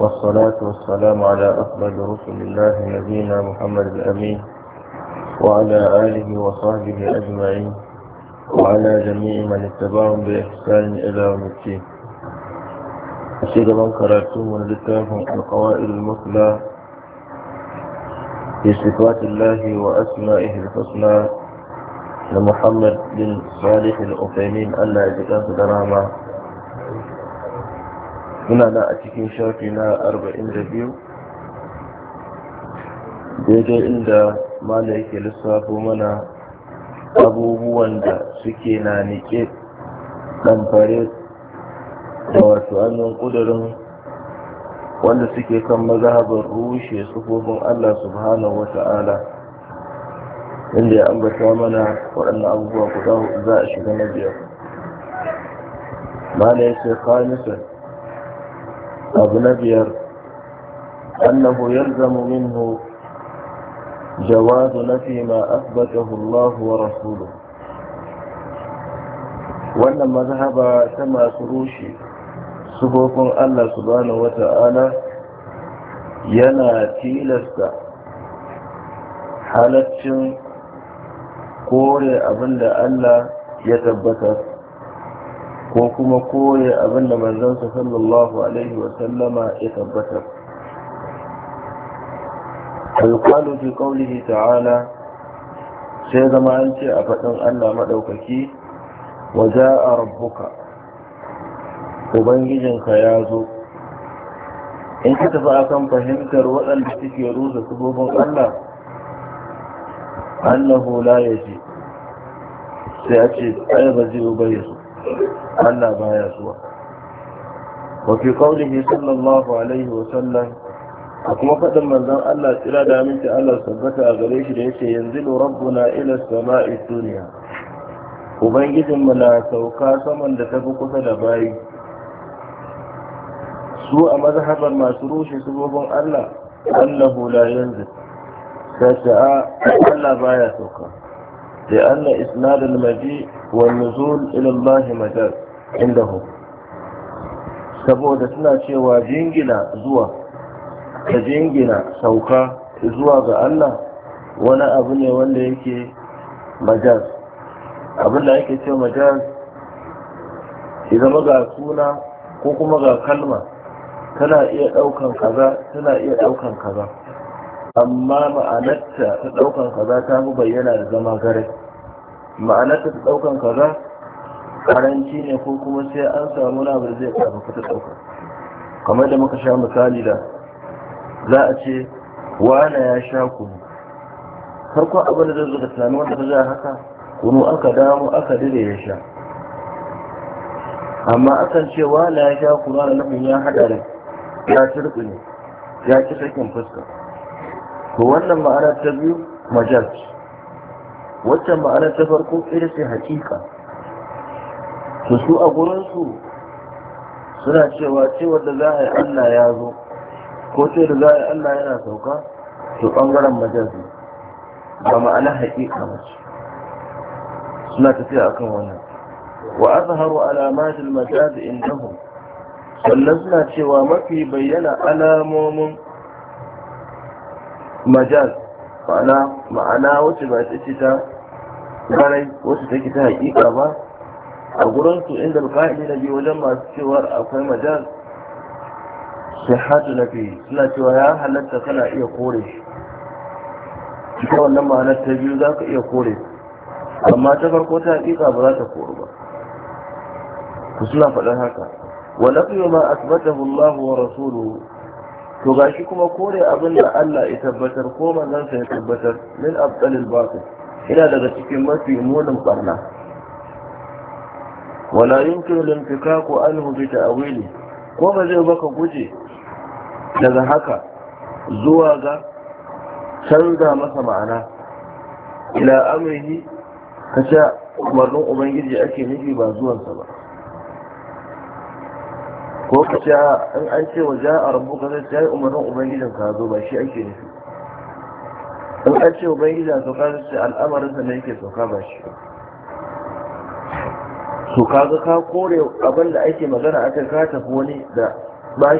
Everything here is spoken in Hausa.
والصلاة والسلام على أفضل رسل الله نبينا محمد الأمين وعلى آله وصحبه أجمعين وعلى جميع من اتبعهم بإحسان إلى يوم الدين أشهد من قرأتم ونلتهم القوائد المثلى في صفات الله وأسمائه الحسنى لمحمد بن صالح الأقيمين ألا يجدان في muna nan a cikin shafi na 42 daidai inda mala yake lissafo mana abubuwan da suke na nike fare da wasu annon ƙudurin wanda suke kan mazhabar rushe sufofin Allah subhanahu ta'ala inda ya ambata mana waɗannan abubuwa guda za a shiga na biyar mala ya ce abu na biyar annahu yalzamu minhu جواز نفي ما أثبته الله ورسوله wannan mazhaba ta masu rushe sufofin Allah subhanahu wata'ala yana tilasta halaccin kore abinda Allah ya tabbatar ko kuma koya abin da manzansa sallallahu alaihi wasallama ya tabbatar alƙalu fi ƙaunihi ta'ala sai zama an ce a faɗin allah maɗaukaki waje a rabbuka ubangijinka ya zo in ka tafi akan fahimtar waɗanda suke rusa sufofin allah annahu la ce. sai a ce ai ba zai ubayi su Allah baya zuwa. wafi kaulihi sallallahu alaihi wasallam a kuma faɗin manzan Allah tsira da aminci Allah sabbata a gare shi da yake yanzu rabbuna ila sama'i duniya ubangijinmu na sauka saman da tafi kusa da bayi su a mazhabar masu rushe sabobin Allah Allah hula yanzu ta Allah baya sauka لأن إسناد المجيء والنزول إلى الله مجاز عندهم saboda suna cewa jingina zuwa ta jingina sauka zuwa ga Allah wani abu ne wanda yake majaz abin da yake ce majaz zama ga suna ko kuma ga kalma tana iya ɗaukan kaza tana iya ɗaukan kaza amma ma'anarta ta ɗaukan kaza ta mu bayyana da zama gare ma'anarta ta ɗaukan kaza karanci ne ko kuma sai an samu na da zai karfafa ta ɗauka kamar da muka sha misali da za a ce wane ya sha kunu farkon abin da zai zo da tunani wanda ta za haka kunu aka damu aka dire ya sha amma akan ce wane ya sha kunu na nufin ya da ya turɓi ne ya ci sakin fuska to wannan ma'ana ta biyu majal waccan ma'ana ta farko ita ce hakika to su a gurinsu suna cewa cewar da za a yi allah ya zo ko ce da za a yi allah yana sauka to ɓangaren ne, ba ma'ana hakika ba suna tafiya akan wannan wa azharu alamatul majaz indahum sannan suna cewa mafi bayyana alamomin majaz ma'ana ma'ana wacce ba ta ce ta barai wacce ke ta haƙiƙa ba a gurin su inda buka'ili na biyu wajen masu cewar akwai majaz hatu na fi suna cewa ya halatta kana iya kore shi ta wannan ma'anar ta biyu za ka iya kore amma ta farko ta haƙiƙa ba za ta kore ba ku suna faɗar haka wa ما ma الله ورسوله to shi kuma kore abin da Allah ya tabbatar ko manzansa ya tabbatar min abdalil batil ina daga cikin mafi munin barna wala yumkinu linfikaku anhu bi ta'wili ko ba zai baka guje daga haka zuwa ga canza masa ma'ana ila amrihi ka umarnin ubangiji ake nufi ba zuwansa ba ko ka ce in an ce wa ja a rabu ka zai tsaye umarnin ubangijin ka zo ba shi ake nufi in an ce ubangijin sauka zai al'amarin sa na yake sauka ba shi su kaga ka kore abin da ake magana a akan ka tafi wani da